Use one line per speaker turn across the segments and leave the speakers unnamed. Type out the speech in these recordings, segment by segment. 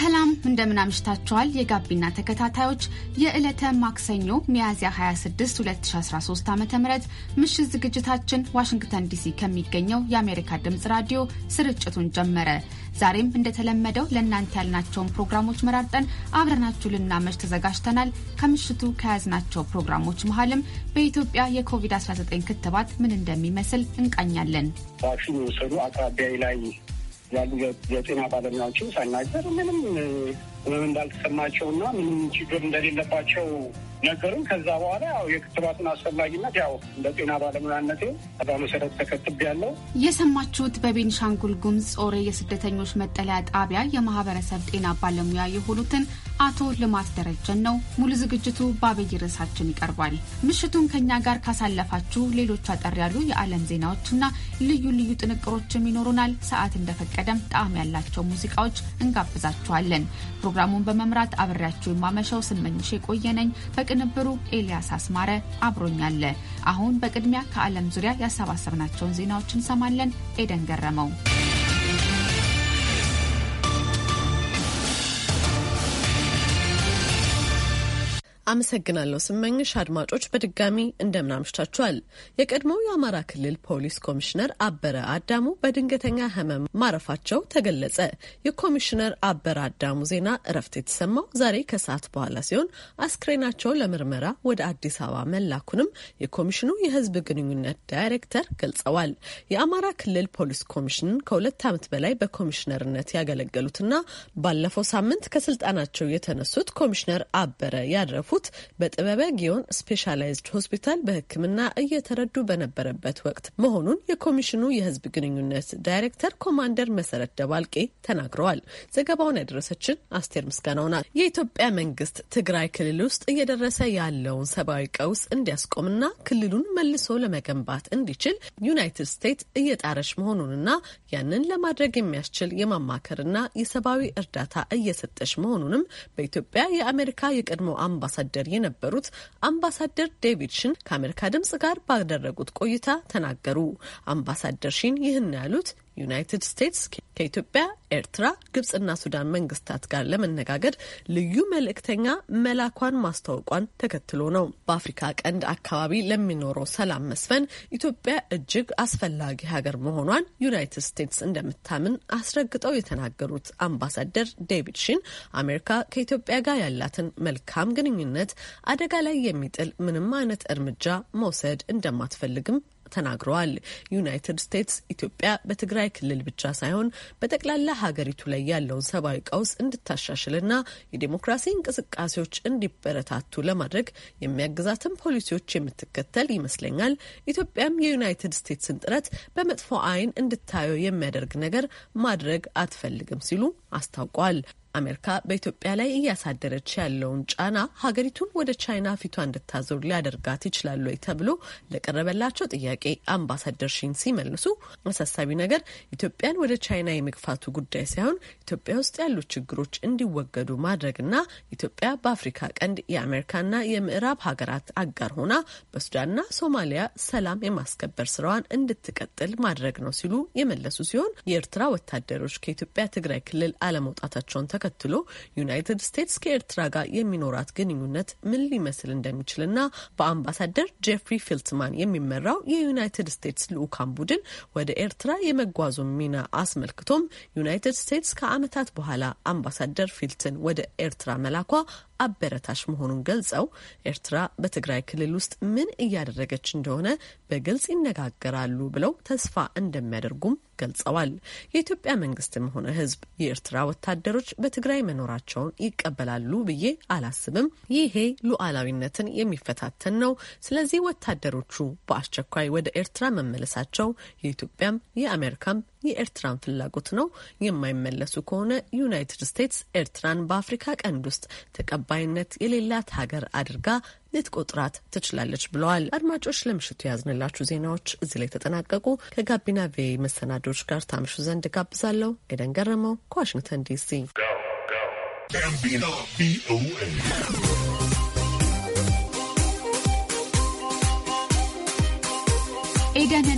ሰላም እንደምን አምሽታችኋል። የጋቢና ተከታታዮች የዕለተ ማክሰኞ ሚያዝያ 26 2013 ዓ ም ምሽት ዝግጅታችን ዋሽንግተን ዲሲ ከሚገኘው የአሜሪካ ድምፅ ራዲዮ ስርጭቱን ጀመረ። ዛሬም እንደተለመደው ለእናንተ ያልናቸውን ፕሮግራሞች መራርጠን አብረናችሁ ልናመሽ ተዘጋጅተናል። ከምሽቱ ከያዝናቸው ፕሮግራሞች መሀልም በኢትዮጵያ የኮቪድ-19 ክትባት ምን እንደሚመስል እንቃኛለን።
ቫክሲን ሰኑ አቅራቢያዊ ላይ ያሉ የጤና ባለሙያዎችን ሳናገር ምንም ምንም እንዳልተሰማቸው እና ምንም ችግር እንደሌለባቸው ነገሩን ከዛ በኋላ ያው የክትባቱን አስፈላጊነት ያው እንደ ጤና ባለሙያነቴ በመሰረት ተከትብ ያለው
የሰማችሁት በቤንሻንጉል ጉምዝ ጾሬ የስደተኞች መጠለያ ጣቢያ የማህበረሰብ ጤና ባለሙያ የሆኑትን አቶ ልማት ደረጀን ነው። ሙሉ ዝግጅቱ በአብይ ርዕሳችን ይቀርባል። ምሽቱን ከእኛ ጋር ካሳለፋችሁ ሌሎች አጠር ያሉ የዓለም ዜናዎችና ልዩ ልዩ ጥንቅሮችም ይኖሩናል። ሰዓት እንደፈቀደም ጣዕም ያላቸው ሙዚቃዎች እንጋብዛችኋለን። ፕሮግራሙን በመምራት አብሬያችሁ የማመሻው ስመኝሽ የቆየነኝ በ በቅንብሩ ኤልያስ አስማረ አብሮኛለ። አሁን በቅድሚያ ከዓለም ዙሪያ ያሰባሰብናቸውን ዜናዎች እንሰማለን። ኤደን ገረመው
አመሰግናለሁ ስመኝሽ። አድማጮች በድጋሚ እንደምናምሽታችኋል። የቀድሞው የአማራ ክልል ፖሊስ ኮሚሽነር አበረ አዳሙ በድንገተኛ ሕመም ማረፋቸው ተገለጸ። የኮሚሽነር አበረ አዳሙ ዜና እረፍት የተሰማው ዛሬ ከሰዓት በኋላ ሲሆን አስክሬናቸው ለምርመራ ወደ አዲስ አበባ መላኩንም የኮሚሽኑ የሕዝብ ግንኙነት ዳይሬክተር ገልጸዋል። የአማራ ክልል ፖሊስ ኮሚሽን ከሁለት ዓመት በላይ በኮሚሽነርነት ያገለገሉትና ባለፈው ሳምንት ከስልጣናቸው የተነሱት ኮሚሽነር አበረ ያረፉ ያወቅኩት በጥበበ ጊዮን ስፔሻላይዝድ ሆስፒታል በሕክምና እየተረዱ በነበረበት ወቅት መሆኑን የኮሚሽኑ የህዝብ ግንኙነት ዳይሬክተር ኮማንደር መሰረት ደባልቄ ተናግረዋል። ዘገባውን ያደረሰችን አስቴር ምስጋናው ናት። የኢትዮጵያ መንግስት ትግራይ ክልል ውስጥ እየደረሰ ያለውን ሰብአዊ ቀውስ እንዲያስቆምና ክልሉን መልሶ ለመገንባት እንዲችል ዩናይትድ ስቴትስ እየጣረች መሆኑንና ያንን ለማድረግ የሚያስችል የማማከርና የሰብአዊ እርዳታ እየሰጠች መሆኑንም በኢትዮጵያ የአሜሪካ የቀድሞ አምባሳደ አምባሳደር የነበሩት አምባሳደር ዴቪድ ሽን ከአሜሪካ ድምጽ ጋር ባደረጉት ቆይታ ተናገሩ። አምባሳደር ሽን ይህን ያሉት ዩናይትድ ስቴትስ ከኢትዮጵያ፣ ኤርትራ፣ ግብጽና ሱዳን መንግስታት ጋር ለመነጋገድ ልዩ መልእክተኛ መላኳን ማስታወቋን ተከትሎ ነው። በአፍሪካ ቀንድ አካባቢ ለሚኖረው ሰላም መስፈን ኢትዮጵያ እጅግ አስፈላጊ ሀገር መሆኗን ዩናይትድ ስቴትስ እንደምታምን አስረግጠው የተናገሩት አምባሳደር ዴቪድ ሺን አሜሪካ ከኢትዮጵያ ጋር ያላትን መልካም ግንኙነት አደጋ ላይ የሚጥል ምንም አይነት እርምጃ መውሰድ እንደማትፈልግም ተናግረዋል። ዩናይትድ ስቴትስ ኢትዮጵያ በትግራይ ክልል ብቻ ሳይሆን በጠቅላላ ሀገሪቱ ላይ ያለውን ሰብአዊ ቀውስ እንድታሻሽልና የዴሞክራሲ እንቅስቃሴዎች እንዲበረታቱ ለማድረግ የሚያግዛትን ፖሊሲዎች የምትከተል ይመስለኛል። ኢትዮጵያም የዩናይትድ ስቴትስን ጥረት በመጥፎ አይን እንድታየው የሚያደርግ ነገር ማድረግ አትፈልግም ሲሉ አስታውቋል። አሜሪካ በኢትዮጵያ ላይ እያሳደረች ያለውን ጫና ሀገሪቱን ወደ ቻይና ፊቷ እንድታዞር ሊያደርጋት ይችላሉ ወይ ተብሎ ለቀረበላቸው ጥያቄ አምባሳደር ሺን ሲመልሱ አሳሳቢ ነገር ኢትዮጵያን ወደ ቻይና የመግፋቱ ጉዳይ ሳይሆን ኢትዮጵያ ውስጥ ያሉ ችግሮች እንዲወገዱ ማድረግና ኢትዮጵያ በአፍሪካ ቀንድ የአሜሪካና የምዕራብ ሀገራት አጋር ሆና በሱዳንና ሶማሊያ ሰላም የማስከበር ስራዋን እንድትቀጥል ማድረግ ነው ሲሉ የመለሱ ሲሆን የኤርትራ ወታደሮች ከኢትዮጵያ ትግራይ ክልል አለመውጣታቸውን ተከ ተከትሎ ዩናይትድ ስቴትስ ከኤርትራ ጋር የሚኖራት ግንኙነት ምን ሊመስል እንደሚችልና በአምባሳደር ጄፍሪ ፊልትማን የሚመራው የዩናይትድ ስቴትስ ልዑካን ቡድን ወደ ኤርትራ የመጓዙን ሚና አስመልክቶም ዩናይትድ ስቴትስ ከዓመታት በኋላ አምባሳደር ፊልትን ወደ ኤርትራ መላኳ አበረታሽ መሆኑን ገልጸው ኤርትራ በትግራይ ክልል ውስጥ ምን እያደረገች እንደሆነ በግልጽ ይነጋገራሉ ብለው ተስፋ እንደሚያደርጉም ገልጸዋል። የኢትዮጵያ መንግስትም ሆነ ሕዝብ የኤርትራ ወታደሮች በትግራይ መኖራቸውን ይቀበላሉ ብዬ አላስብም። ይሄ ሉዓላዊነትን የሚፈታተን ነው። ስለዚህ ወታደሮቹ በአስቸኳይ ወደ ኤርትራ መመለሳቸው የኢትዮጵያም የአሜሪካም የኤርትራን ፍላጎት ነው። የማይመለሱ ከሆነ ዩናይትድ ስቴትስ ኤርትራን በአፍሪካ ቀንድ ውስጥ ተቀ ተቀባይነት የሌላት ሀገር አድርጋ ልትቆጥራት ትችላለች ብለዋል። አድማጮች ለምሽቱ የያዝንላችሁ ዜናዎች እዚህ ላይ ተጠናቀቁ። ከጋቢና ቪ መሰናዶች ጋር ታምሹ ዘንድ ጋብዛለሁ። ኤደን ገረመው ከዋሽንግተን ዲሲ
ኤደንን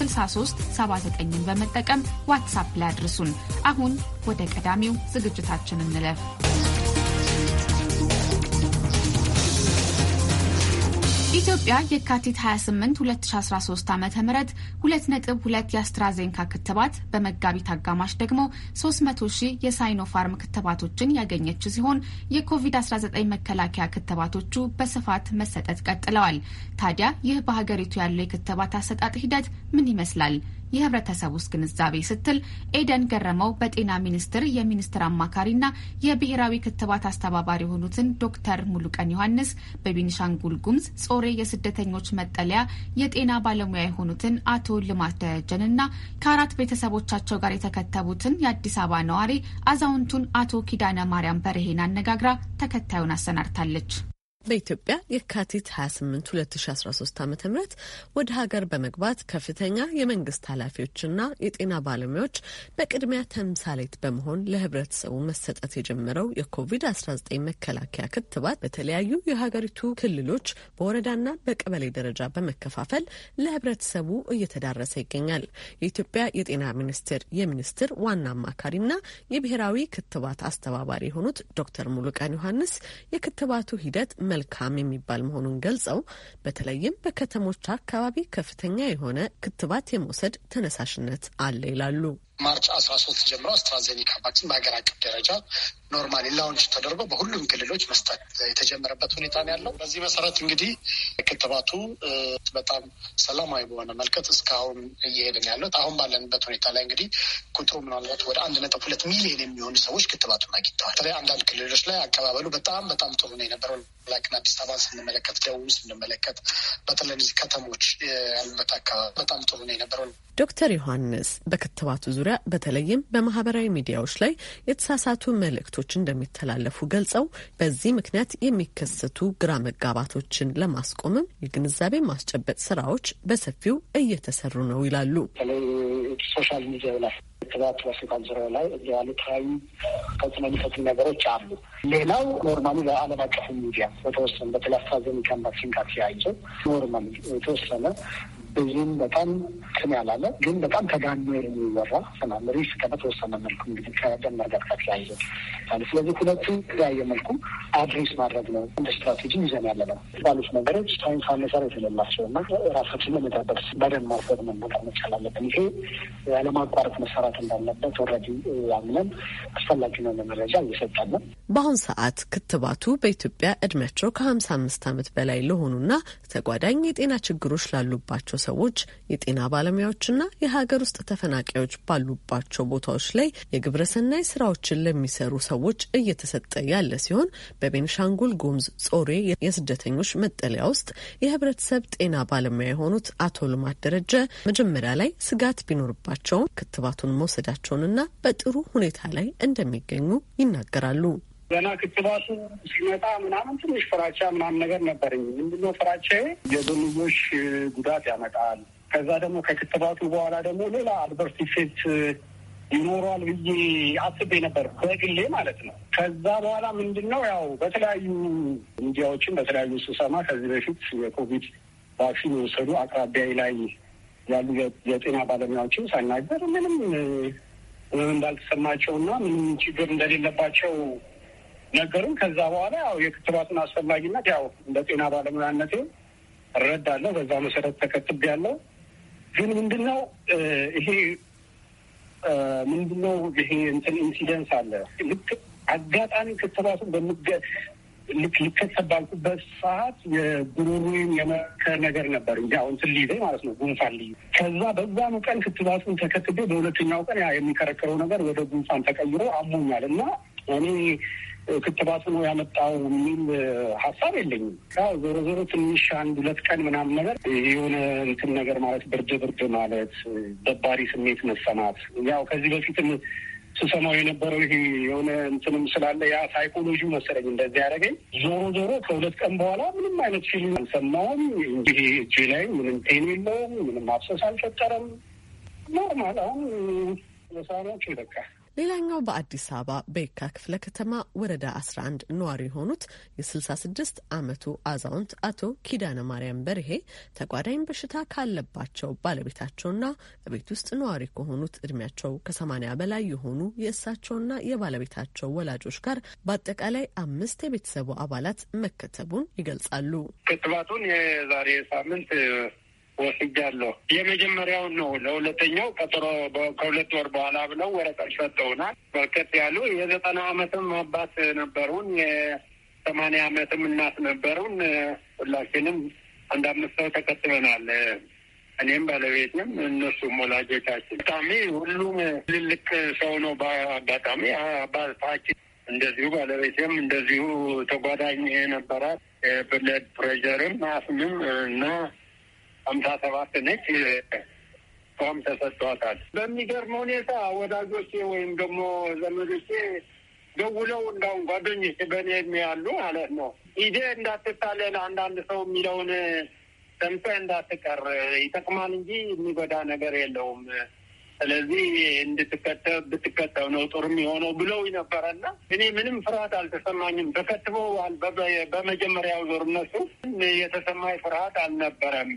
6379ን በመጠቀም ዋትሳፕ ላይ አድርሱን። አሁን ወደ ቀዳሚው ዝግጅታችን እንለፍ። ኢትዮጵያ የካቲት 28 2013 ዓ ም 2.2 የአስትራዜንካ ክትባት በመጋቢት አጋማሽ ደግሞ 300 ሺህ የሳይኖፋርም ክትባቶችን ያገኘች ሲሆን የኮቪድ-19 መከላከያ ክትባቶቹ በስፋት መሰጠት ቀጥለዋል። ታዲያ ይህ በሀገሪቱ ያለው የክትባት አሰጣጥ ሂደት ምን ይመስላል? የህብረተሰብ ውስጥ ግንዛቤ ስትል ኤደን ገረመው በጤና ሚኒስቴር የሚኒስትር አማካሪና የብሔራዊ ክትባት አስተባባሪ የሆኑትን ዶክተር ሙሉቀን ዮሐንስ፣ በቤኒሻንጉል ጉምዝ ጾሬ የስደተኞች መጠለያ የጤና ባለሙያ የሆኑትን አቶ ልማት ደረጀንና ከአራት ቤተሰቦቻቸው ጋር የተከተቡትን የአዲስ አበባ ነዋሪ አዛውንቱን
አቶ ኪዳነ ማርያም በርሄን አነጋግራ ተከታዩን አሰናድታለች። በኢትዮጵያ የካቲት 28 2013 ዓ ም ወደ ሀገር በመግባት ከፍተኛ የመንግስት ኃላፊዎችና የጤና ባለሙያዎች በቅድሚያ ተምሳሌት በመሆን ለህብረተሰቡ መሰጠት የጀመረው የኮቪድ-19 መከላከያ ክትባት በተለያዩ የሀገሪቱ ክልሎች በወረዳና በቀበሌ ደረጃ በመከፋፈል ለህብረተሰቡ እየተዳረሰ ይገኛል። የኢትዮጵያ የጤና ሚኒስቴር የሚኒስትር ዋና አማካሪና የብሔራዊ ክትባት አስተባባሪ የሆኑት ዶክተር ሙሉቀን ዮሐንስ የክትባቱ ሂደት መልካም የሚባል መሆኑን ገልጸው በተለይም በከተሞች አካባቢ ከፍተኛ የሆነ ክትባት የመውሰድ ተነሳሽነት አለ ይላሉ።
ማርች አስራ ሶስት ጀምሮ አስትራዜኒካ ቫክሲን በሀገር አቀፍ ደረጃ ኖርማሊ ላውንች ተደርጎ በሁሉም ክልሎች መስጠት የተጀመረበት ሁኔታ ነው ያለው። በዚህ መሰረት እንግዲህ ክትባቱ በጣም ሰላማዊ በሆነ መልከት እስካሁን እየሄድን ያለው አሁን ባለንበት ሁኔታ ላይ እንግዲህ ቁጥሩ ምናልባት ወደ አንድ ነጥብ ሁለት ሚሊዮን የሚሆኑ ሰዎች ክትባቱን አግኝተዋል። በተለይ አንዳንድ ክልሎች ላይ አቀባበሉ በጣም በጣም ጥሩ ነው የነበረው። ላይክን አዲስ አበባ ስንመለከት፣ ደቡብ ስንመለከት፣ በተለይ እዚህ ከተሞች ያሉበት አካባቢ በጣም ጥሩ ነው የነበረው።
ዶክተር ዮሐንስ በክትባቱ ዙሪያ በተለይም በማህበራዊ ሚዲያዎች ላይ የተሳሳቱ መልእክቶች መልእክቶች እንደሚተላለፉ ገልጸው በዚህ ምክንያት የሚከሰቱ ግራ መጋባቶችን ለማስቆምም የግንዛቤ ማስጨበጥ ስራዎች በሰፊው እየተሰሩ ነው ይላሉ።
ሶሻል ሚዲያ ላይ ክትባት በስልጣን ዙሪያ ላይ ተለያዩ ተጽዕኖ የሚፈጥሩ ነገሮች አሉ። ሌላው ኖርማሊ በዓለም አቀፍ ሚዲያ በተወሰነ በተለይ አስትራዜኒካ ቫክሲን ጋር ተያይዞ ኖርማሊ የተወሰነ ብዙም በጣም ቅም ያላለ ግን በጣም ተጋኖ የሚወራ ስላለ ሪስክ በተወሰነ መልኩ እንግዲህ ከደመር ጋር ከተያያዘ ስለዚህ ሁለቱ ተለያየ መልኩ አድሬስ ማድረግ ነው እንደ ስትራቴጂ ይዘን ያለ ነው ባሉት ነገሮች ሳይንሳዊ መሰረት የተለላቸው እና ራሳችን ለመጠበቅ በደን ማድረግ መመቀር መቻል አለብን። ይሄ ያለማቋረጥ መሰራት እንዳለበት ወረዲ አምነን አስፈላጊ ነው መረጃ እየሰጠን ነው።
በአሁን ሰዓት ክትባቱ በኢትዮጵያ እድሜያቸው ከሀምሳ አምስት አመት በላይ ለሆኑና ተጓዳኝ የጤና ችግሮች ላሉባቸው ሰዎች፣ የጤና ባለሙያዎችና የሀገር ውስጥ ተፈናቃዮች ባሉባቸው ቦታዎች ላይ የግብረሰናይ ስራዎችን ለሚሰሩ ሰዎች እየተሰጠ ያለ ሲሆን በቤንሻንጉል ጉምዝ ጾሬ የስደተኞች መጠለያ ውስጥ የህብረተሰብ ጤና ባለሙያ የሆኑት አቶ ልማት ደረጀ መጀመሪያ ላይ ስጋት ቢኖርባቸውም ክትባቱን መውሰዳቸውንና በጥሩ ሁኔታ ላይ እንደሚገኙ ይናገራሉ።
ገና ክትባቱ ሲመጣ ምናምን ትንሽ ፍራቻ ምናምን ነገር ነበረኝ። ምንድነው ፍራቻዬ? የጎንዮሽ ጉዳት ያመጣል። ከዛ ደግሞ ከክትባቱ በኋላ ደግሞ ሌላ አድቨርስ ኢፌክት ይኖሯል ብዬ አስቤ ነበር በግሌ ማለት ነው። ከዛ በኋላ ምንድነው ያው በተለያዩ ሚዲያዎችን በተለያዩ ስሰማ ከዚህ በፊት የኮቪድ ቫክሲን የወሰዱ አቅራቢያዬ ላይ ያሉ የጤና ባለሙያዎችን ሳናገር ምንም እንዳልተሰማቸው እና ምንም ችግር እንደሌለባቸው ነገሩን። ከዛ በኋላ ያው የክትባቱን አስፈላጊነት ያው እንደ ጤና ባለሙያነቴ እረዳለሁ። በዛ መሰረት ተከትብ ያለው ግን ምንድነው ይሄ ምንድነው ይሄ እንትን ኢንሲደንስ አለ ልክ አጋጣሚ ክትባቱን በምገ ልክ ልከተብ ባልኩበት ሰዓት የጉሮሮዬን የመከር ነገር ነበር እ አሁን እንትን ሊይዘኝ ማለት ነው ጉንፋን ልይ ከዛ በዛኑ ቀን ክትባቱን ተከትቤ በሁለተኛው ቀን ያ የሚከረከረው ነገር ወደ ጉንፋን ተቀይሮ አሞኛል እና እኔ ክትባቱ ነው ያመጣው የሚል ሀሳብ የለኝም። ዞሮ ዞሮ ትንሽ አንድ ሁለት ቀን ምናምን ነገር የሆነ እንትን ነገር ማለት ብርድ ብርድ ማለት ደባሪ ስሜት መሰማት ያው ከዚህ በፊትም ስሰማው የነበረው ይሄ የሆነ እንትንም ስላለ ያ ሳይኮሎጂ መሰለኝ እንደዚህ ያደረገኝ። ዞሮ ዞሮ ከሁለት ቀን በኋላ ምንም አይነት ፊል አልሰማውም። ይሄ እጅ ላይ ምንም ቴን የለውም፣ ምንም አብሰስ አልፈጠረም። ኖርማል አሁን ሳኖች ይበቃል።
ሌላኛው በአዲስ አበባ በየካ ክፍለ ከተማ ወረዳ 11 ነዋሪ የሆኑት የ66 ዓመቱ አዛውንት አቶ ኪዳነ ማርያም በርሄ ተጓዳኝ በሽታ ካለባቸው ባለቤታቸውና በቤት ውስጥ ነዋሪ ከሆኑት እድሜያቸው ከ80 በላይ የሆኑ የእሳቸውና የባለቤታቸው ወላጆች ጋር በአጠቃላይ አምስት የቤተሰቡ አባላት መከተቡን ይገልጻሉ።
ክትባቱን የዛሬ ሳምንት ወስጃለሁ። የመጀመሪያውን ነው። ለሁለተኛው ቀጠሮ ከሁለት ወር በኋላ ብለው ወረቀት ሰጠውናል። በርከት ያሉ የዘጠና አመትም አባት ነበሩን፣ የሰማንያ አመትም እናት ነበሩን። ሁላችንም አንድ አምስት ሰው ተከትበናል። እኔም ባለቤትም እነሱም ወላጆቻችን። አጋጣሚ ሁሉም ትልልቅ ሰው ነው። በአጋጣሚ አባታችን እንደዚሁ ባለቤትም እንደዚሁ ተጓዳኝ ነበራት። ብለድ ፕሬሸርም አስምም እና ሀምሳ ሰባት ነች ም ተሰጥቷታል። በሚገርም ሁኔታ ወዳጆቼ ወይም ደግሞ ዘመዶቼ ደውለው እንዳሁን ጓደኞች በእኔ የሚያሉ ማለት ነው ኢዴ እንዳትታለን አንዳንድ ሰው የሚለውን ሰምተህ እንዳትቀር ይጠቅማል እንጂ የሚጎዳ ነገር የለውም ስለዚህ እንድትከተብ ብትከተብ ነው ጥሩ የሚሆነው ብለው ነበረና እኔ ምንም ፍርሃት አልተሰማኝም። ተከትበው በመጀመሪያው ዞር እነሱ የተሰማኝ ፍርሃት አልነበረም።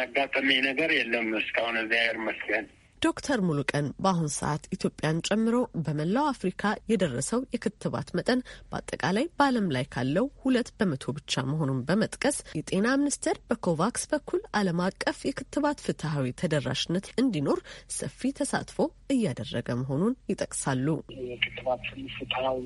ያጋጠመኝ ነገር የለም እስካሁን እግዚአብሔር ይመስገን።
ዶክተር ሙሉቀን በአሁን ሰዓት ኢትዮጵያን ጨምሮ በመላው አፍሪካ የደረሰው የክትባት መጠን በአጠቃላይ በዓለም ላይ ካለው ሁለት በመቶ ብቻ መሆኑን በመጥቀስ የጤና ሚኒስቴር በኮቫክስ በኩል ዓለም አቀፍ የክትባት ፍትሐዊ ተደራሽነት እንዲኖር ሰፊ ተሳትፎ እያደረገ መሆኑን ይጠቅሳሉ።
የክትባት ፍትሐዊ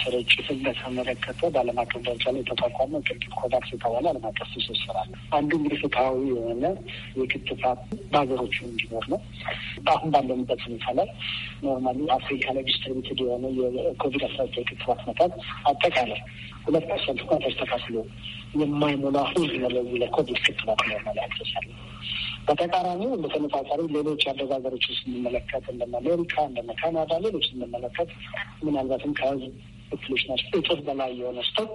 ስርጭትን በተመለከተ በዓለም አቀፍ ደረጃ ላይ የተቋቋመ ቅርቅት ኮዳክስ የተባለ ዓለም አቀፍ ትስስር አለ። አንዱ እንግዲህ ፍትሐዊ የሆነ የክትባት በሀገሮቹ እንዲኖር ነው። አሁን ባለንበት ሁኔታ ላይ ኖርማሊ አፍሪካ ላይ ዲስትሪቢትድ የሆነ የኮቪድ አስራ ዘጠኝ ክትባት መጠን አጠቃላይ ሁለት ፐርሰንት እንኳን ተስተካክሎ የማይሞላ ሁዝ መለዩ ለኮቪድ ክትባት ኖርማሊ አክሰሳለ በተቃራኒው በተመሳሳሪ ሌሎች ያደጉ ሀገሮች ስንመለከት እንደ አሜሪካ እንደ ካናዳ ሌሎች ስንመለከት ምናልባትም ከህዝብ ክፍሎች ናቸው። እጥፍ በላይ የሆነ ስቶክ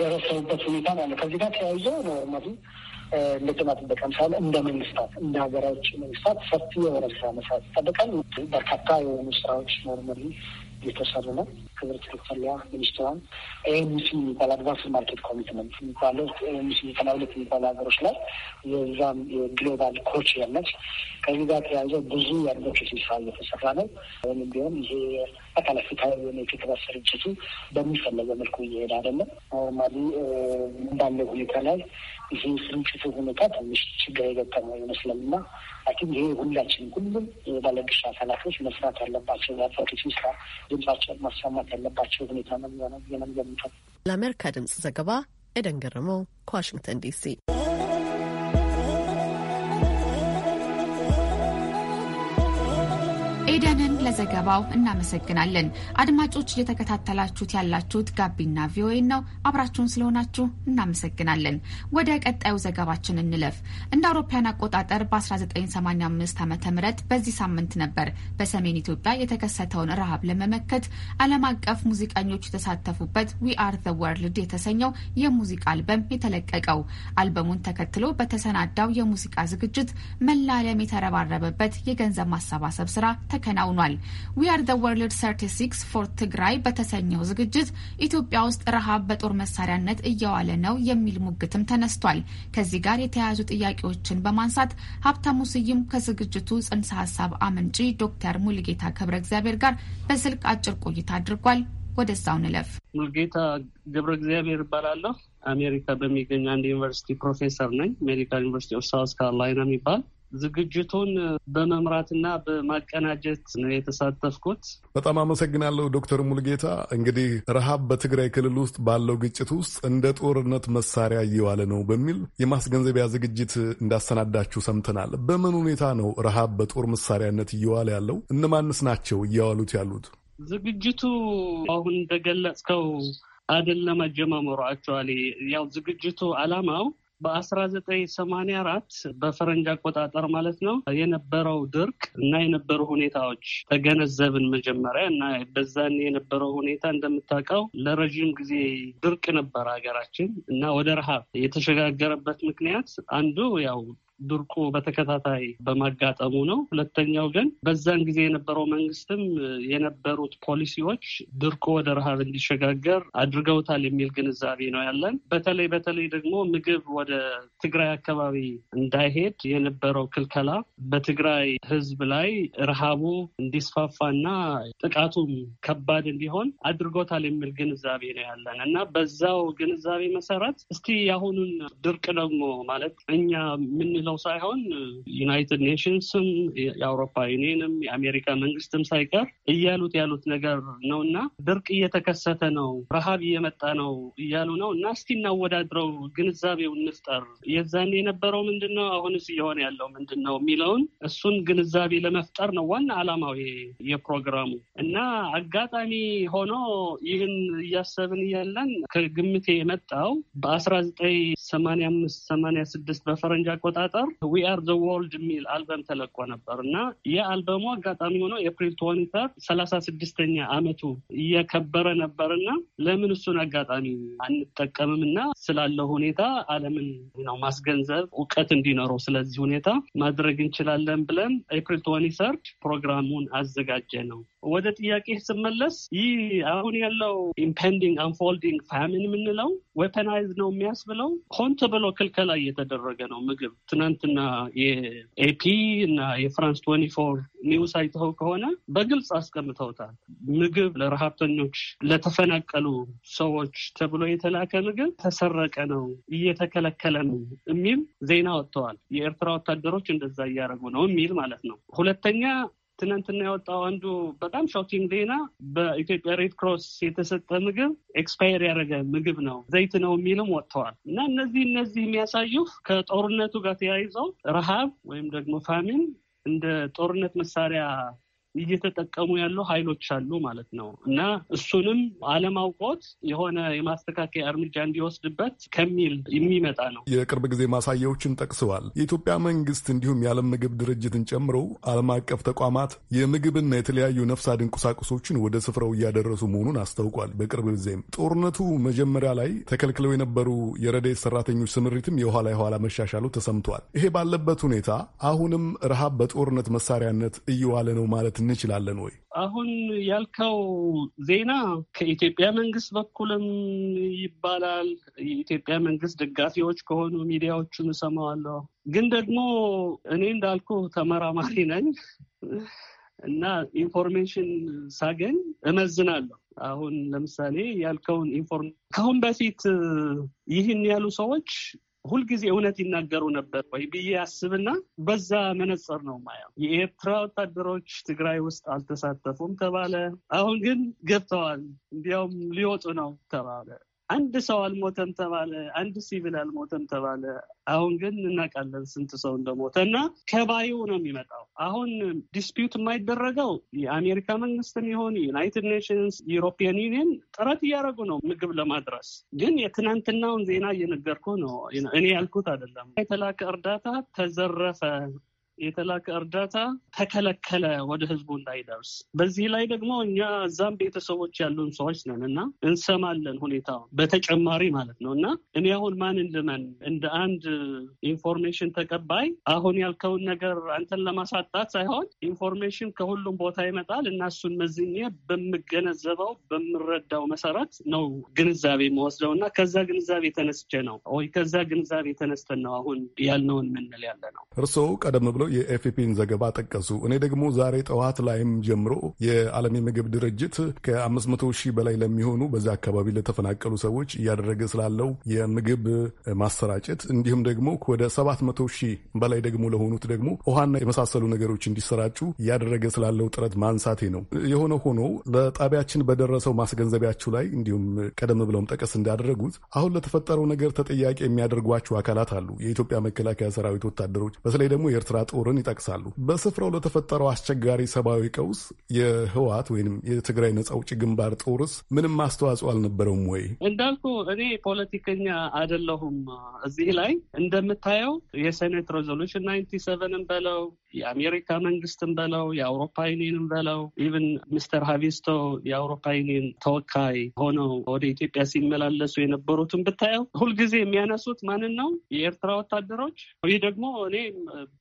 የረሰቡበት ሁኔታ ነው ከዚህ ጋር ተያይዞ ኖርማሊ እንደ ጤና ጥበቃ ምሳሌ እንደ መንግስታት እንደ ሀገራዎች መንግስታት ሰፊ የሆነ ስራ መስራት ይጠበቃል። በርካታ የሆኑ ስራዎች ኖርማሊ የተሰሩ ነው። ክብርት ተፈለያ ሚኒስትሯን ኤምሲ የሚባል አድቫንስ ማርኬት ኮሚትመንት የሚባለው ኤምሲ ዘጠና ሁለት የሚባሉ ሀገሮች ላይ የዛም የግሎባል ኮች ያለች ከዚህ ጋር ተያይዘው ብዙ የአድቮኬሲ ስራ እየተሰራ ነው። ወይም ቢሆን ይሄ አካላፊ የሆነ የክትባት ስርጭቱ በሚፈለገ መልኩ እየሄደ አይደለም። ኖርማሊ እንዳለው ሁኔታ ላይ ይሄ ስርጭቱ ሁኔታ ትንሽ ችግር የገጠመው ይመስላል እና አኪም ይሄ ሁላችን ሁሉም የባለድርሻ ኃላፊዎች መስራት ያለባቸው የአድቮኬሲ ስራ ድምጻቸውን ማሰማት ያለባቸው ሁኔታ ነው የሚሆነው ነው
ለአሜሪካ ድምጽ ዘገባ ኤደን ገረመው ከዋሽንግተን ዲሲ።
ኤደንን ለዘገባው እናመሰግናለን። አድማጮች እየተከታተላችሁት ያላችሁት ጋቢና ቪኦኤ ነው። አብራችሁን ስለሆናችሁ እናመሰግናለን። ወደ ቀጣዩ ዘገባችን እንለፍ። እንደ አውሮፓውያን አቆጣጠር በ1985 ዓ ም በዚህ ሳምንት ነበር በሰሜን ኢትዮጵያ የተከሰተውን ረሃብ ለመመከት ዓለም አቀፍ ሙዚቀኞች የተሳተፉበት ዊ አር ዘ ወርልድ የተሰኘው የሙዚቃ አልበም የተለቀቀው። አልበሙን ተከትሎ በተሰናዳው የሙዚቃ ዝግጅት መላ ዓለም የተረባረበበት የገንዘብ ማሰባሰብ ስራ ተከናውኗል። ተናግረዋል። አር ዘ ወርልድ ሰርቲ ፎር ትግራይ በተሰኘው ዝግጅት ኢትዮጵያ ውስጥ ረሃብ በጦር መሳሪያነት እየዋለ ነው የሚል ሙግትም ተነስቷል። ከዚህ ጋር የተያያዙ ጥያቄዎችን በማንሳት ሀብታሙ ስዩም ከዝግጅቱ ጽንሰ ሀሳብ አመንጪ ዶክተር ሙልጌታ ገብረ እግዚአብሔር ጋር በስልክ አጭር ቆይታ አድርጓል። ወደዛው ንለፍ።
ሙልጌታ ገብረ እግዚአብሔር ይባላለሁ። አሜሪካ በሚገኝ አንድ ዩኒቨርሲቲ ፕሮፌሰር ነኝ። ሜዲካል ዩኒቨርሲቲ ኦፍ ሳውስ ካሮላይና የሚባል ዝግጅቱን በመምራትና በማቀናጀት ነው የተሳተፍኩት።
በጣም አመሰግናለሁ ዶክተር ሙልጌታ። እንግዲህ ረሃብ በትግራይ ክልል ውስጥ ባለው ግጭት ውስጥ እንደ ጦርነት መሳሪያ እየዋለ ነው በሚል የማስገንዘቢያ ዝግጅት እንዳሰናዳችሁ ሰምተናል። በምን ሁኔታ ነው ረሃብ በጦር መሳሪያነት እየዋለ ያለው? እነማንስ ናቸው እያዋሉት ያሉት?
ዝግጅቱ አሁን እንደገለጽከው አይደለም አጀማመሩ። ያው ዝግጅቱ አላማው በ1984 በፈረንጅ አቆጣጠር ማለት ነው የነበረው ድርቅ እና የነበሩ ሁኔታዎች ተገነዘብን መጀመሪያ እና በዛን የነበረው ሁኔታ እንደምታውቀው ለረዥም ጊዜ ድርቅ ነበር ሀገራችን እና ወደ ረሃብ የተሸጋገረበት ምክንያት አንዱ ያው ድርቁ በተከታታይ በማጋጠሙ ነው። ሁለተኛው ግን በዛን ጊዜ የነበረው መንግስትም የነበሩት ፖሊሲዎች ድርቁ ወደ ረሃብ እንዲሸጋገር አድርገውታል የሚል ግንዛቤ ነው ያለን። በተለይ በተለይ ደግሞ ምግብ ወደ ትግራይ አካባቢ እንዳይሄድ የነበረው ክልከላ በትግራይ ህዝብ ላይ ረሃቡ እንዲስፋፋና ጥቃቱም ከባድ እንዲሆን አድርጎታል የሚል ግንዛቤ ነው ያለን እና በዛው ግንዛቤ መሰረት እስቲ የአሁኑን ድርቅ ደግሞ ማለት እኛ ምን የምንለው ሳይሆን ዩናይትድ ኔሽንስም የአውሮፓ ዩኒየንም የአሜሪካ መንግስትም ሳይቀር እያሉት ያሉት ነገር ነው እና ድርቅ እየተከሰተ ነው፣ ረሃብ እየመጣ ነው እያሉ ነው እና እስቲ እናወዳድረው፣ ግንዛቤው እንፍጠር፣ የዛኔ የነበረው ምንድን ነው፣ አሁንስ እየሆነ ያለው ምንድን ነው የሚለውን እሱን ግንዛቤ ለመፍጠር ነው ዋና አላማው የፕሮግራሙ እና አጋጣሚ ሆኖ ይህን እያሰብን እያለን ከግምቴ የመጣው በአስራ ዘጠኝ ሰማንያ አምስት ሰማንያ ስድስት በፈረንጅ አቆጣጠር በስተቀር ዊ አር ዘ ወርልድ የሚል አልበም ተለቆ ነበር እና የአልበሙ አጋጣሚ ሆኖ ኤፕሪል ትወኒ ሰላሳ ስድስተኛ አመቱ እየከበረ ነበር እና ለምን እሱን አጋጣሚ አንጠቀምም እና ስላለው ሁኔታ አለምን ነው ማስገንዘብ እውቀት እንዲኖረው ስለዚህ ሁኔታ ማድረግ እንችላለን ብለን ኤፕሪል ትወኒ ሰርድ ፕሮግራሙን አዘጋጀ ነው። ወደ ጥያቄ ስመለስ ይህ አሁን ያለው ኢምፔንዲንግ አንፎልዲንግ ፋሚን የምንለው ዌፐናይዝ ነው የሚያስብለው ሆን ተብሎ ክልከላ እየተደረገ ነው ምግብ። ትናንትና የኤፒ እና የፍራንስ ትወንቲ ፎር ኒውስ አይተው ከሆነ በግልጽ አስቀምጠውታል። ምግብ ለረሃብተኞች፣ ለተፈናቀሉ ሰዎች ተብሎ የተላከ ምግብ ተሰረቀ ነው እየተከለከለ ነው የሚል ዜና ወጥተዋል። የኤርትራ ወታደሮች እንደዛ እያደረጉ ነው የሚል ማለት ነው። ሁለተኛ ትናንትና የወጣው አንዱ በጣም ሾኪንግ ዜና በኢትዮጵያ ሬድ ክሮስ የተሰጠ ምግብ ኤክስፓየር ያደረገ ምግብ ነው፣ ዘይት ነው የሚልም ወጥተዋል። እና እነዚህ እነዚህ የሚያሳዩ ከጦርነቱ ጋር ተያይዘው ረሃብ ወይም ደግሞ ፋሚን እንደ ጦርነት መሳሪያ እየተጠቀሙ ያሉ ኃይሎች አሉ ማለት ነው እና እሱንም አለማውቆት የሆነ የማስተካከያ እርምጃ እንዲወስድበት ከሚል
የሚመጣ ነው። የቅርብ ጊዜ ማሳያዎችን ጠቅሰዋል። የኢትዮጵያ መንግስት እንዲሁም የዓለም ምግብ ድርጅትን ጨምሮ ዓለም አቀፍ ተቋማት የምግብና የተለያዩ ነፍስ አድን ቁሳቁሶችን ወደ ስፍራው እያደረሱ መሆኑን አስታውቋል። በቅርብ ጊዜም ጦርነቱ መጀመሪያ ላይ ተከልክለው የነበሩ የረድኤት ሰራተኞች ስምሪትም የኋላ የኋላ መሻሻሉ ተሰምቷል። ይሄ ባለበት ሁኔታ አሁንም ረሃብ በጦርነት መሳሪያነት እየዋለ ነው ማለት እንችላለን ወይ?
አሁን ያልከው ዜና ከኢትዮጵያ መንግስት በኩልም ይባላል። የኢትዮጵያ መንግስት ደጋፊዎች ከሆኑ ሚዲያዎቹን እሰማዋለሁ። ግን ደግሞ እኔ እንዳልኩ ተመራማሪ ነኝ እና ኢንፎርሜሽን ሳገኝ እመዝናለሁ። አሁን ለምሳሌ ያልከውን ኢንፎርሜሽን ከአሁን በፊት ይህን ያሉ ሰዎች ሁልጊዜ እውነት ይናገሩ ነበር ወይ ብዬ አስብና በዛ መነጽር ነው ማየው። የኤርትራ ወታደሮች ትግራይ ውስጥ አልተሳተፉም ተባለ። አሁን ግን ገብተዋል፣ እንዲያውም ሊወጡ ነው ተባለ። አንድ ሰው አልሞተም ተባለ፣ አንድ ሲቪል አልሞተም ተባለ። አሁን ግን እናውቃለን ስንት ሰው እንደሞተ እና ከባይው ነው የሚመጣው። አሁን ዲስፒዩት የማይደረገው የአሜሪካ መንግስትም ይሁን ዩናይትድ ኔሽንስ፣ ዩሮፒያን ዩኒየን ጥረት እያደረጉ ነው ምግብ ለማድረስ። ግን የትናንትናውን ዜና እየነገርኩ ነው። እኔ ያልኩት አይደለም። የተላከ እርዳታ ተዘረፈ የተላከ እርዳታ ተከለከለ፣ ወደ ህዝቡ እንዳይደርስ። በዚህ ላይ ደግሞ እኛ እዛም ቤተሰቦች ያሉን ሰዎች ነን እና እንሰማለን ሁኔታውን በተጨማሪ ማለት ነው። እና እኔ አሁን ማን እንድመን እንደ አንድ ኢንፎርሜሽን ተቀባይ አሁን ያልከውን ነገር አንተን ለማሳጣት ሳይሆን ኢንፎርሜሽን ከሁሉም ቦታ ይመጣል እና እሱን መዝኜ በምገነዘበው በምረዳው መሰረት ነው ግንዛቤ መወስደው እና ከዛ ግንዛቤ ተነስቼ ነው ወይ ከዛ ግንዛቤ ተነስተን ነው አሁን ያልነውን ምንል ያለ
ነው። እርስዎ ቀደም ብሎ ያለው የኤፍፒን ዘገባ ጠቀሱ። እኔ ደግሞ ዛሬ ጠዋት ላይም ጀምሮ የዓለም የምግብ ድርጅት ከ500 ሺህ በላይ ለሚሆኑ በዚያ አካባቢ ለተፈናቀሉ ሰዎች እያደረገ ስላለው የምግብ ማሰራጨት እንዲሁም ደግሞ ወደ 700 ሺህ በላይ ደግሞ ለሆኑት ደግሞ ውሃና የመሳሰሉ ነገሮች እንዲሰራጩ እያደረገ ስላለው ጥረት ማንሳቴ ነው። የሆነ ሆኖ ለጣቢያችን በደረሰው ማስገንዘቢያችሁ ላይ እንዲሁም ቀደም ብለውም ጠቀስ እንዳደረጉት አሁን ለተፈጠረው ነገር ተጠያቂ የሚያደርጓቸው አካላት አሉ። የኢትዮጵያ መከላከያ ሰራዊት ወታደሮች፣ በተለይ ደግሞ የኤርትራ ጦርን ይጠቅሳሉ። በስፍራው ለተፈጠረው አስቸጋሪ ሰብአዊ ቀውስ የህወሓት ወይም የትግራይ ነጻ አውጪ ግንባር ጦርስ ምንም አስተዋጽኦ አልነበረውም ወይ?
እንዳልኩ እኔ ፖለቲከኛ አይደለሁም። እዚህ ላይ እንደምታየው የሴኔት ሬዞሉሽን ናይንቲ ሰቨንን በለው የአሜሪካ መንግስትን በለው የአውሮፓ ዩኒየንን በለው ኢቨን ሚስተር ሀቪስቶ የአውሮፓ ዩኒየን ተወካይ ሆነው ወደ ኢትዮጵያ ሲመላለሱ የነበሩትን ብታየው ሁልጊዜ የሚያነሱት ማንን ነው? የኤርትራ ወታደሮች። ይህ ደግሞ እኔ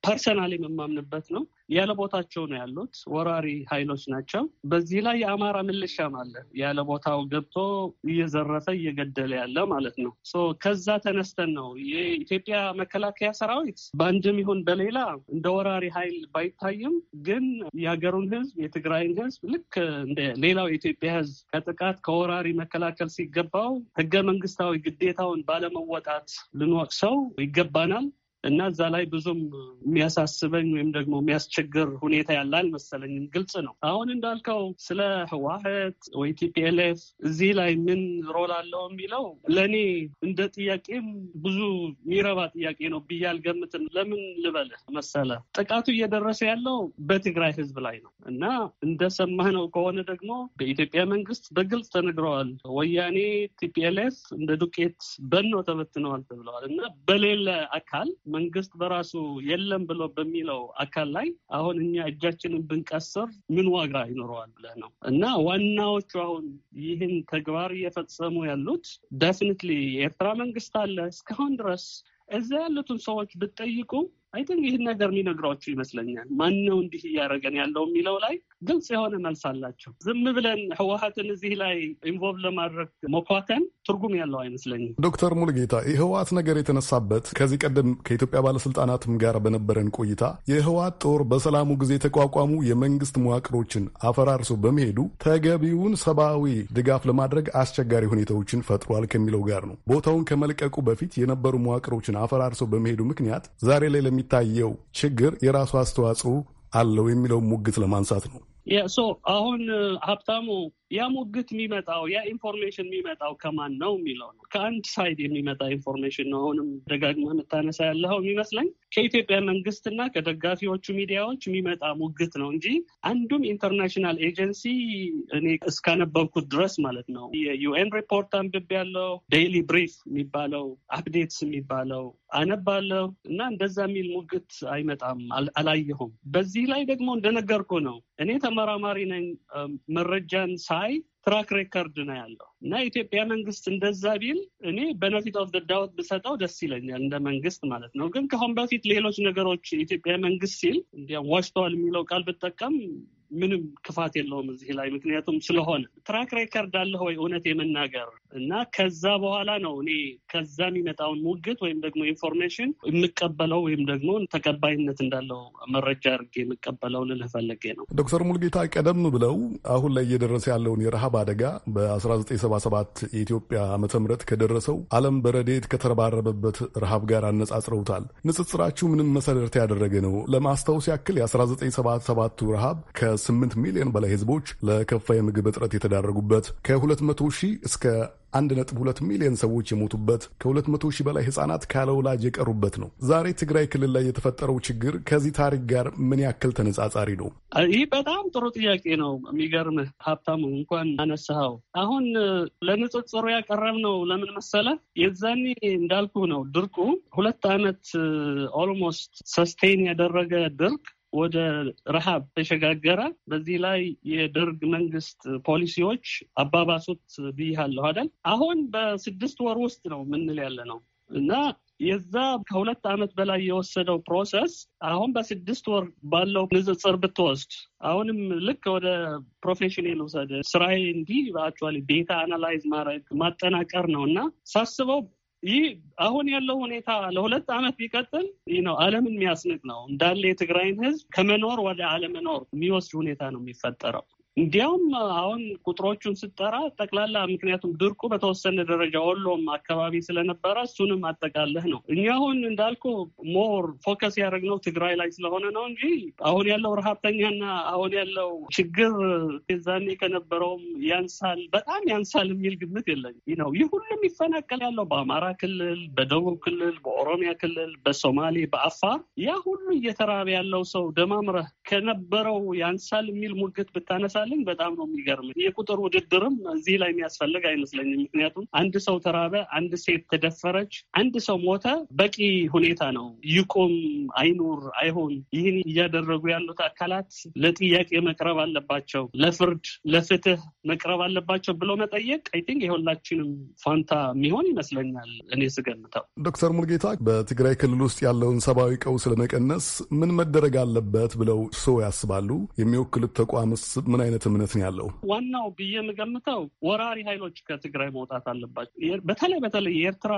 ፐርሰናል ፐርሰናል የምማምንበት ነው። ያለ ቦታቸው ነው ያሉት፣ ወራሪ ኃይሎች ናቸው። በዚህ ላይ የአማራ ምልሻም አለ፣ ያለ ቦታው ገብቶ እየዘረፈ እየገደለ ያለ ማለት ነው። ከዛ ተነስተን ነው የኢትዮጵያ መከላከያ ሰራዊት በአንድም ይሁን በሌላ እንደ ወራሪ ኃይል ባይታይም፣ ግን የሀገሩን ህዝብ የትግራይን ህዝብ ልክ እንደ ሌላው የኢትዮጵያ ህዝብ ከጥቃት ከወራሪ መከላከል ሲገባው ህገ መንግስታዊ ግዴታውን ባለመወጣት ልንወቅሰው ይገባናል። እና እዛ ላይ ብዙም የሚያሳስበኝ ወይም ደግሞ የሚያስቸግር ሁኔታ ያለ አልመሰለኝም። ግልጽ ነው። አሁን እንዳልከው ስለ ህዋህት ወይ ቲፒኤልኤፍ እዚህ ላይ ምን ሮል አለው የሚለው ለእኔ እንደ ጥያቄም ብዙ የሚረባ ጥያቄ ነው ብዬ አልገምትም። ለምን ልበልህ መሰለ ጥቃቱ እየደረሰ ያለው በትግራይ ህዝብ ላይ ነው እና እንደሰማነው ከሆነ ደግሞ በኢትዮጵያ መንግስት በግልጽ ተነግረዋል። ወያኔ ቲፒኤልኤፍ እንደ ዱቄት በኖ ተበትነዋል ተብለዋል እና በሌለ አካል መንግስት በራሱ የለም ብሎ በሚለው አካል ላይ አሁን እኛ እጃችንን ብንቀስር ምን ዋጋ ይኖረዋል ብለህ ነው እና ዋናዎቹ አሁን ይህን ተግባር እየፈጸሙ ያሉት ደፍኒትሊ የኤርትራ መንግስት አለ እስካሁን ድረስ እዛ ያሉትን ሰዎች ብትጠይቁ አይተን ይህን ነገር የሚነግሯቸው ይመስለኛል። ማን ነው እንዲህ እያደረገን ያለው የሚለው ላይ ግልጽ የሆነ መልስ አላቸው። ዝም ብለን ህወሀትን እዚህ ላይ ኢንቮልቭ ለማድረግ መኳተን ትርጉም ያለው አይመስለኝም።
ዶክተር ሙልጌታ የህወሀት ነገር የተነሳበት ከዚህ ቀደም ከኢትዮጵያ ባለስልጣናትም ጋር በነበረን ቆይታ የህወሀት ጦር በሰላሙ ጊዜ የተቋቋሙ የመንግስት መዋቅሮችን አፈራርሶ በመሄዱ ተገቢውን ሰብአዊ ድጋፍ ለማድረግ አስቸጋሪ ሁኔታዎችን ፈጥሯል ከሚለው ጋር ነው። ቦታውን ከመልቀቁ በፊት የነበሩ መዋቅሮችን አፈራርሶ በመሄዱ ምክንያት ዛሬ ላይ ለሚ ለሚታየው ችግር የራሱ አስተዋጽኦ አለው የሚለው ሙግት ለማንሳት ነው።
አሁን ሀብታሙ ያ ሙግት የሚመጣው ያ ኢንፎርሜሽን የሚመጣው ከማን ነው የሚለው ነው። ከአንድ ሳይድ የሚመጣ ኢንፎርሜሽን ነው። አሁንም ደጋግመህ የምታነሳ ያለው የሚመስለኝ ከኢትዮጵያ መንግስትና ከደጋፊዎቹ ሚዲያዎች የሚመጣ ሙግት ነው እንጂ አንዱም ኢንተርናሽናል ኤጀንሲ እኔ እስካነበብኩት ድረስ ማለት ነው የዩኤን ሪፖርት አንብቤ ያለው ዴይሊ ብሪፍ የሚባለው አፕዴትስ የሚባለው አነባለው እና እንደዛ የሚል ሙግት አይመጣም፣ አላየሁም። በዚህ ላይ ደግሞ እንደነገርኩ ነው እኔ ተመራማሪ ነኝ መረጃን ሳ የሚያሳይ ትራክ ሬከርድ ነው ያለው እና የኢትዮጵያ መንግስት እንደዛ ቢል እኔ በነፊት ኦፍ ዳውት ብሰጠው ደስ ይለኛል፣ እንደ መንግስት ማለት ነው። ግን ከአሁን በፊት ሌሎች ነገሮች የኢትዮጵያ መንግስት ሲል እንዲያውም ዋሽተዋል የሚለው ቃል ብጠቀም ምንም ክፋት የለውም እዚህ ላይ ምክንያቱም ስለሆነ ትራክ ሬከርድ አለ ወይ እውነት የመናገር እና ከዛ በኋላ ነው እኔ ከዛ የሚመጣውን ሙግት ወይም ደግሞ ኢንፎርሜሽን የምቀበለው ወይም ደግሞ ተቀባይነት እንዳለው መረጃ አድርጌ የምቀበለው ልልህ ፈለጌ ነው።
ዶክተር ሙልጌታ ቀደም ብለው አሁን ላይ እየደረሰ ያለውን የረሃብ አደጋ በ1977 የኢትዮጵያ ዓመተ ምህረት ከደረሰው ዓለም በረዴት ከተረባረበበት ረሃብ ጋር አነጻጽረውታል። ንጽጽራችሁ ምንም መሰረት ያደረገ ነው። ለማስታወስ ያክል የ1977ቱ ረሃብ ከ ከ8 ሚሊዮን በላይ ህዝቦች ለከፋ የምግብ እጥረት የተዳረጉበት ከ200 ሺህ እስከ 1.2 ሚሊዮን ሰዎች የሞቱበት ከ200 ሺህ በላይ ህጻናት ካለ ወላጅ የቀሩበት ነው። ዛሬ ትግራይ ክልል ላይ የተፈጠረው ችግር ከዚህ ታሪክ ጋር ምን ያክል ተነጻጻሪ ነው?
ይህ በጣም ጥሩ ጥያቄ ነው። የሚገርም ሀብታሙ እንኳን አነሳኸው። አሁን ለንጽጽሩ ያቀረብ ነው ለምን መሰለ? የዛኔ እንዳልኩ ነው ድርቁ ሁለት ዓመት ኦልሞስት ሰስቴን ያደረገ ድርቅ ወደ ረሃብ ተሸጋገረ። በዚህ ላይ የደርግ መንግስት ፖሊሲዎች አባባሱት ብያለሁ አይደል? አሁን በስድስት ወር ውስጥ ነው ምንል ያለ ነው እና የዛ ከሁለት ዓመት በላይ የወሰደው ፕሮሰስ አሁን በስድስት ወር ባለው ንጽጽር ብትወስድ አሁንም ልክ ወደ ፕሮፌሽን ልውሰድ ስራዬ እንዲህ አክቹዋሊ ዴታ አናላይዝ ማድረግ ማጠናቀር ነው እና ሳስበው ይህ አሁን ያለው ሁኔታ ለሁለት ዓመት ቢቀጥል ይህ ነው ዓለምን የሚያስንቅ ነው። እንዳለ የትግራይን ህዝብ ከመኖር ወደ አለመኖር የሚወስድ ሁኔታ ነው የሚፈጠረው። እንዲያውም አሁን ቁጥሮቹን ስጠራ ጠቅላላ ምክንያቱም ድርቁ በተወሰነ ደረጃ ወሎም አካባቢ ስለነበረ እሱንም አጠቃለህ ነው። እኛ አሁን እንዳልኩ ሞር ፎከስ ያደረግነው ትግራይ ላይ ስለሆነ ነው እንጂ አሁን ያለው ረሀብተኛና አሁን ያለው ችግር ዛኔ ከነበረውም ያንሳል፣ በጣም ያንሳል የሚል ግምት የለኝ ነው። ይህ ሁሉም ይፈናቀል ያለው በአማራ ክልል፣ በደቡብ ክልል፣ በኦሮሚያ ክልል፣ በሶማሌ፣ በአፋር ያ ሁሉ እየተራበ ያለው ሰው ደማምረህ ከነበረው ያንሳል የሚል ሙግት ብታነሳ ካልን በጣም ነው የሚገርም። የቁጥር ውድድርም እዚህ ላይ የሚያስፈልግ አይመስለኝም። ምክንያቱም አንድ ሰው ተራበ፣ አንድ ሴት ተደፈረች፣ አንድ ሰው ሞተ በቂ ሁኔታ ነው። ይቁም አይኑር አይሆን፣ ይህን እያደረጉ ያሉት አካላት ለጥያቄ መቅረብ አለባቸው፣ ለፍርድ ለፍትህ መቅረብ አለባቸው ብሎ መጠየቅ አይ ቲንክ የሁላችንም ፋንታ የሚሆን ይመስለኛል። እኔ ስገምተው
ዶክተር ሙልጌታ በትግራይ ክልል ውስጥ ያለውን ሰብአዊ ቀውስ ለመቀነስ ምን መደረግ አለበት ብለው እርስዎ ያስባሉ? የሚወክሉት ተቋምስ ምን አይነት እምነት ነው ያለው?
ዋናው ብዬ የምገምተው ወራሪ ኃይሎች ከትግራይ መውጣት አለባቸው። በተለይ በተለይ የኤርትራ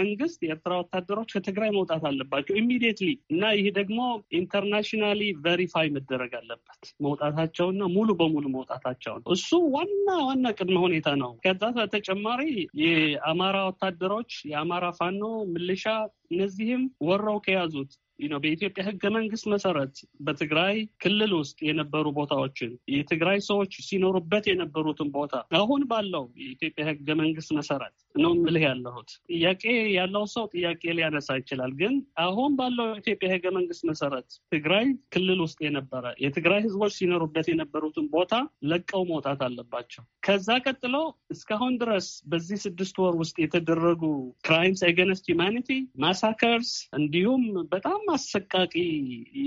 መንግስት፣ የኤርትራ ወታደሮች ከትግራይ መውጣት አለባቸው ኢሚዲየትሊ እና ይህ ደግሞ ኢንተርናሽናሊ ቨሪፋይ መደረግ አለበት መውጣታቸውና ሙሉ በሙሉ መውጣታቸውን እሱ ዋና ዋና ቅድመ ሁኔታ ነው። ከዛ በተጨማሪ የአማራ ወታደሮች የአማራ ፋኖ ምልሻ እነዚህም ወረው ከያዙት በኢትዮጵያ ህገ መንግስት መሰረት በትግራይ ክልል ውስጥ የነበሩ ቦታዎችን የትግራይ ሰዎች ሲኖሩበት የነበሩትን ቦታ አሁን ባለው የኢትዮጵያ ህገ መንግስት መሰረት ነው ምልህ ያለሁት። ጥያቄ ያለው ሰው ጥያቄ ሊያነሳ ይችላል። ግን አሁን ባለው የኢትዮጵያ ህገ መንግስት መሰረት ትግራይ ክልል ውስጥ የነበረ የትግራይ ህዝቦች ሲኖሩበት የነበሩትን ቦታ ለቀው መውጣት አለባቸው። ከዛ ቀጥሎ እስካሁን ድረስ በዚህ ስድስት ወር ውስጥ የተደረጉ ክራይምስ አገንስት ሂውማኒቲ ማሳከርስ፣ እንዲሁም በጣም በጣም አሰቃቂ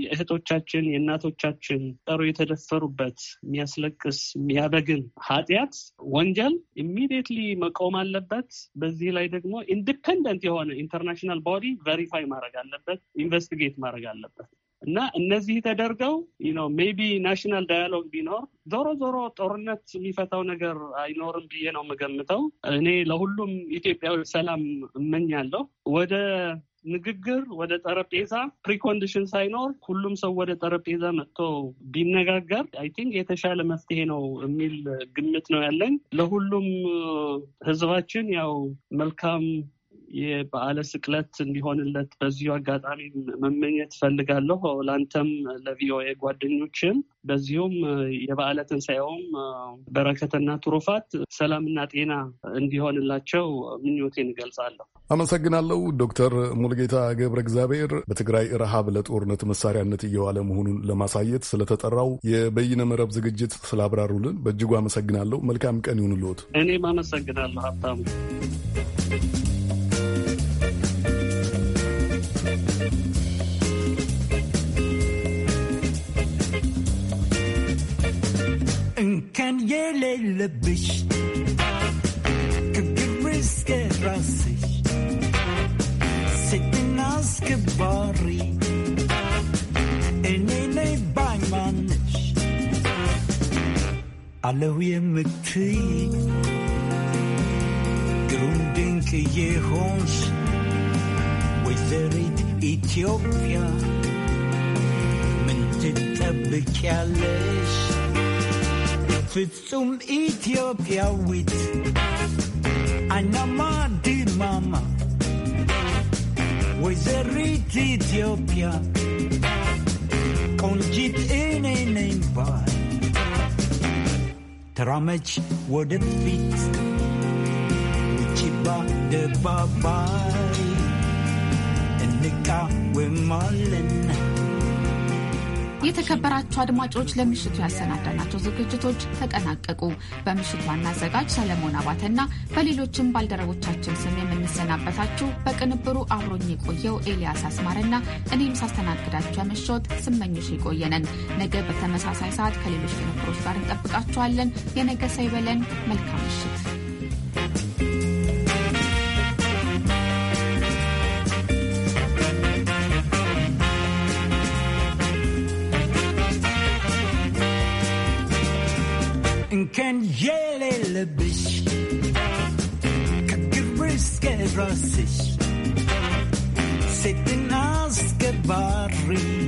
የእህቶቻችን የእናቶቻችን ጠሩ የተደፈሩበት የሚያስለቅስ የሚያበግን ኃጢአት ወንጀል ኢሚዲየትሊ መቆም አለበት። በዚህ ላይ ደግሞ ኢንዲፐንደንት የሆነ ኢንተርናሽናል ባዲ ቨሪፋይ ማድረግ አለበት፣ ኢንቨስቲጌት ማድረግ አለበት። እና እነዚህ ተደርገው ነው ሜቢ ናሽናል ዳያሎግ ቢኖር ዞሮ ዞሮ ጦርነት የሚፈታው ነገር አይኖርም ብዬ ነው የምገምተው። እኔ ለሁሉም ኢትዮጵያዊ ሰላም እመኛለሁ። ወደ ንግግር ወደ ጠረጴዛ ፕሪኮንዲሽን ሳይኖር ሁሉም ሰው ወደ ጠረጴዛ መጥቶ ቢነጋገር አይ ቲንክ የተሻለ መፍትሄ ነው የሚል ግምት ነው ያለኝ። ለሁሉም ህዝባችን ያው መልካም የበዓለ ስቅለት እንዲሆንለት በዚሁ አጋጣሚ መመኘት ፈልጋለሁ። ለአንተም ለቪኦኤ ጓደኞችም፣ በዚሁም የበዓለ ትንሣኤውም በረከትና ትሩፋት ሰላምና ጤና እንዲሆንላቸው ምኞቴን እገልጻለሁ።
አመሰግናለሁ። ዶክተር ሙልጌታ ገብረ እግዚአብሔር በትግራይ ረሃብ ለጦርነት መሳሪያነት እየዋለ መሆኑን ለማሳየት ስለተጠራው የበይነ መረብ ዝግጅት ስላብራሩልን በእጅጉ አመሰግናለሁ። መልካም ቀን ይሁንልዎት።
እኔም አመሰግናለሁ ሀብታሙ።
የሌለብሽ ከግብር እስከ ራስሽ ሴትና አስከባሪ እኔ ነኝ ባይማንሽ አለሁ የምትይ ግሩም ድንቅ የሆንሽ ወይዘሪት ኢትዮጵያ ምን ትጠብቂያለሽ? ፍጹም ኢትዮጵያዊት አይናማ ድማማ ወይዘሪት ኢትዮጵያ ቆንጂት እኔ ነኝ ባል ተራመች ወደፊት ውጪባ ደባባይ እንቃወማለን
የተከበራቸው አድማጮች ለምሽቱ ያሰናዳናቸው ዝግጅቶች ተጠናቀቁ። በምሽቱ ዋና አዘጋጅ ሰለሞን አባተና በሌሎችም ባልደረቦቻችን ስም የምንሰናበታችሁ በቅንብሩ አብሮኝ የቆየው ኤልያስ አስማርና እኔም ሳስተናግዳችሁ ያመሸሁት ስመኞሽ የቆየነን ነገ በተመሳሳይ ሰዓት ከሌሎች ቅንብሮች ጋር እንጠብቃችኋለን። የነገ ሳይበለን መልካም ምሽት።
men kan gel eller bish Kagge sig Sätt din aske barri